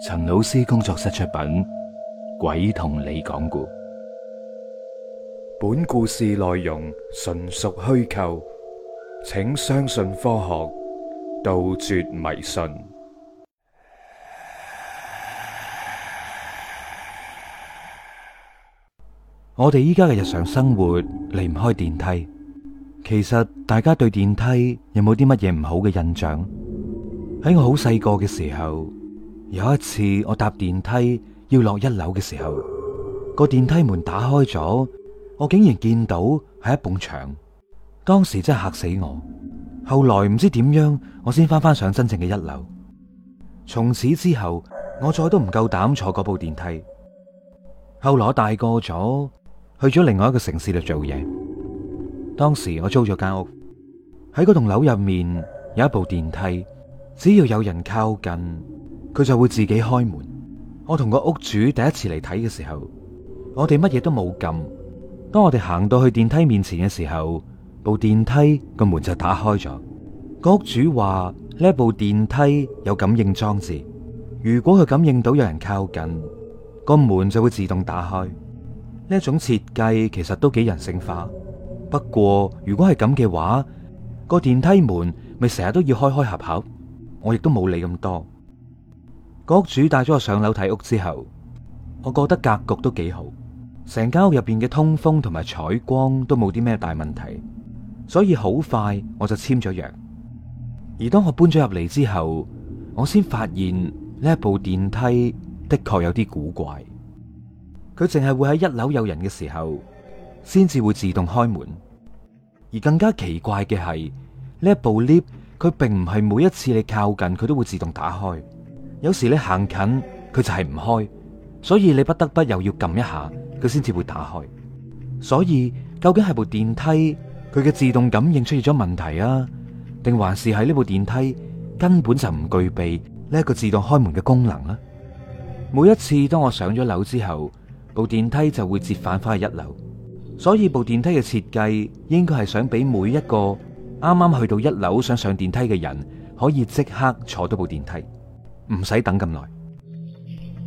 陳老師工作室出品《鬼同你講故》，本故事內容純屬虛構，請相信科學，杜絕迷信。我哋依家嘅日常生活離唔開電梯，其實大家對電梯有冇啲乜嘢唔好嘅印象？喺我好細個嘅時候。有一次，我搭電梯要落一樓嘅時候，個電梯門打開咗，我竟然見到係一埲牆，當時真係嚇死我。後來唔知點樣，我先翻返上真正嘅一樓。從此之後，我再都唔夠膽坐嗰部電梯。後來我大個咗，去咗另外一個城市度做嘢。當時我租咗間屋喺嗰棟樓入面有一部電梯，只要有人靠近，佢就會自己開門。我同個屋主第一次嚟睇嘅時候，我哋乜嘢都冇撳。當我哋行到去電梯面前嘅時候，部電梯個門就打開咗。個屋主話呢部電梯有感應裝置，如果佢感應到有人靠近，個門就會自動打開。呢種設計其實都幾人性化。不過如果係咁嘅話，個電梯門咪成日都要開開合合，我亦都冇理咁多。個屋主帶咗我上樓睇屋之後，我覺得格局都幾好，成間屋入邊嘅通風同埋採光都冇啲咩大問題，所以好快我就簽咗約。而當我搬咗入嚟之後，我先發現呢一部電梯的確有啲古怪，佢淨係會喺一樓有人嘅時候先至會自動開門。而更加奇怪嘅係呢一部 lift，佢並唔係每一次你靠近佢都會自動打開。有時你行近佢就係唔開，所以你不得不得又要撳一下佢先至會打開。所以究竟係部電梯佢嘅自動感應出現咗問題啊？定還是喺呢部電梯根本就唔具備呢一個自動開門嘅功能呢、啊？每一次當我上咗樓之後，部電梯就會折返返去一樓。所以部電梯嘅設計應該係想俾每一個啱啱去到一樓想上電梯嘅人，可以即刻坐到部電梯。唔使等咁耐，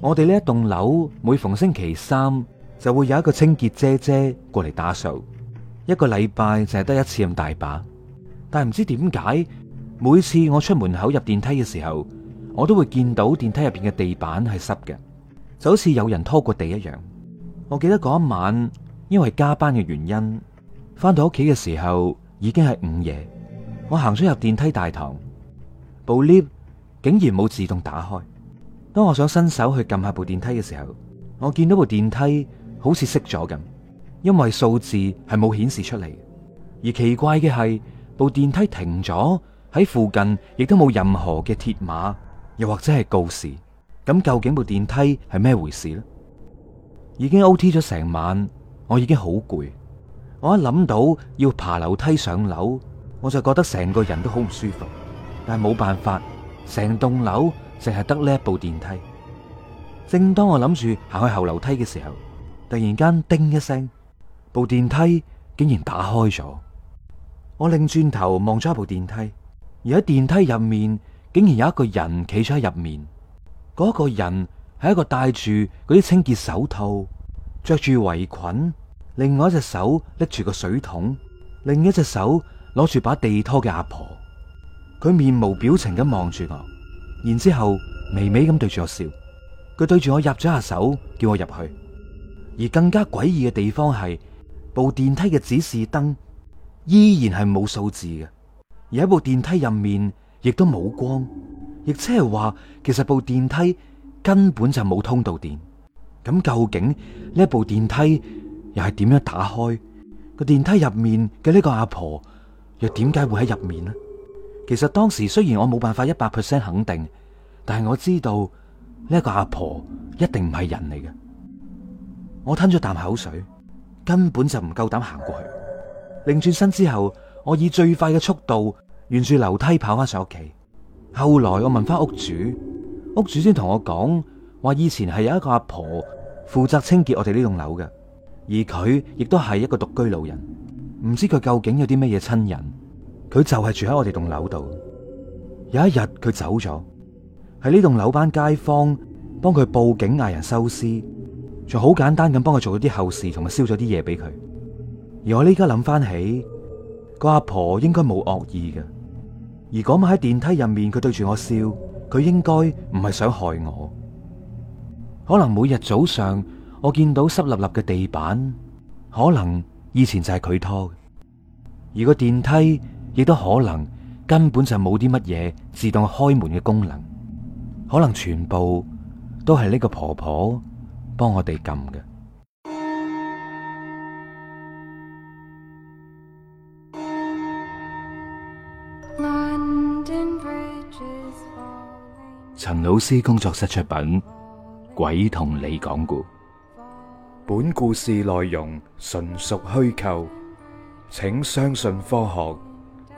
我哋呢一棟樓每逢星期三就會有一個清潔姐姐過嚟打掃，一個禮拜淨係得一次咁大把。但係唔知點解，每次我出門口入電梯嘅時候，我都會見到電梯入邊嘅地板係濕嘅，就好似有人拖過地一樣。我記得嗰一晚，因為加班嘅原因，翻到屋企嘅時候已經係午夜，我行咗入電梯大堂，部 lift。竟然冇自動打開。當我想伸手去撳下部電梯嘅時候，我見到部電梯好似熄咗咁，因為數字係冇顯示出嚟。而奇怪嘅係，部電梯停咗喺附近，亦都冇任何嘅鐵馬，又或者係告示。咁究竟部電梯係咩回事呢？已經 O.T. 咗成晚，我已經好攰。我一諗到要爬樓梯上樓，我就覺得成個人都好唔舒服，但係冇辦法。成棟樓淨係得呢一部電梯。正當我諗住行去後樓梯嘅時候，突然間叮一聲，部電梯竟然打開咗。我擰轉頭望咗一部電梯，而喺電梯入面竟然有一個人企咗喺入面。嗰個人係一個戴住啲清潔手套、着住圍裙、另外一隻手拎住個水桶、另一隻手攞住把地拖嘅阿婆。佢面無表情咁望住我，然之後微微咁對住我笑。佢對住我入咗下手，叫我入去。而更加詭異嘅地方係部電梯嘅指示燈依然係冇數字嘅，而喺部電梯入面亦都冇光，亦即係話其實部電梯根本就冇通道電。咁究竟呢一部電梯又係點樣打開？個電梯入面嘅呢個阿婆又點解會喺入面呢？其實當時雖然我冇辦法一百 percent 肯定，但係我知道呢一個阿婆一定唔係人嚟嘅。我吞咗啖口水，根本就唔夠膽行過去。擰轉身之後，我以最快嘅速度沿住樓梯跑翻上屋企。後來我問翻屋主，屋主先同我講，話以前係有一個阿婆負責清潔我哋呢棟樓嘅，而佢亦都係一個獨居老人，唔知佢究竟有啲乜嘢親人。佢就係住喺我哋棟樓度，有一日佢走咗，喺呢棟樓班街坊幫佢報警嗌人收屍，仲好簡單咁幫佢做咗啲後事，同埋燒咗啲嘢俾佢。而我呢家諗翻起，個阿婆應該冇惡意嘅，而嗰晚喺電梯入面佢對住我笑，佢應該唔係想害我。可能每日早上我見到濕立立嘅地板，可能以前就係佢拖，而個電梯。亦都可能根本就冇啲乜嘢自動開門嘅功能，可能全部都係呢個婆婆幫我哋撳嘅。陳老師工作室出品，《鬼同你講故》，本故事內容純屬虛構，請相信科學。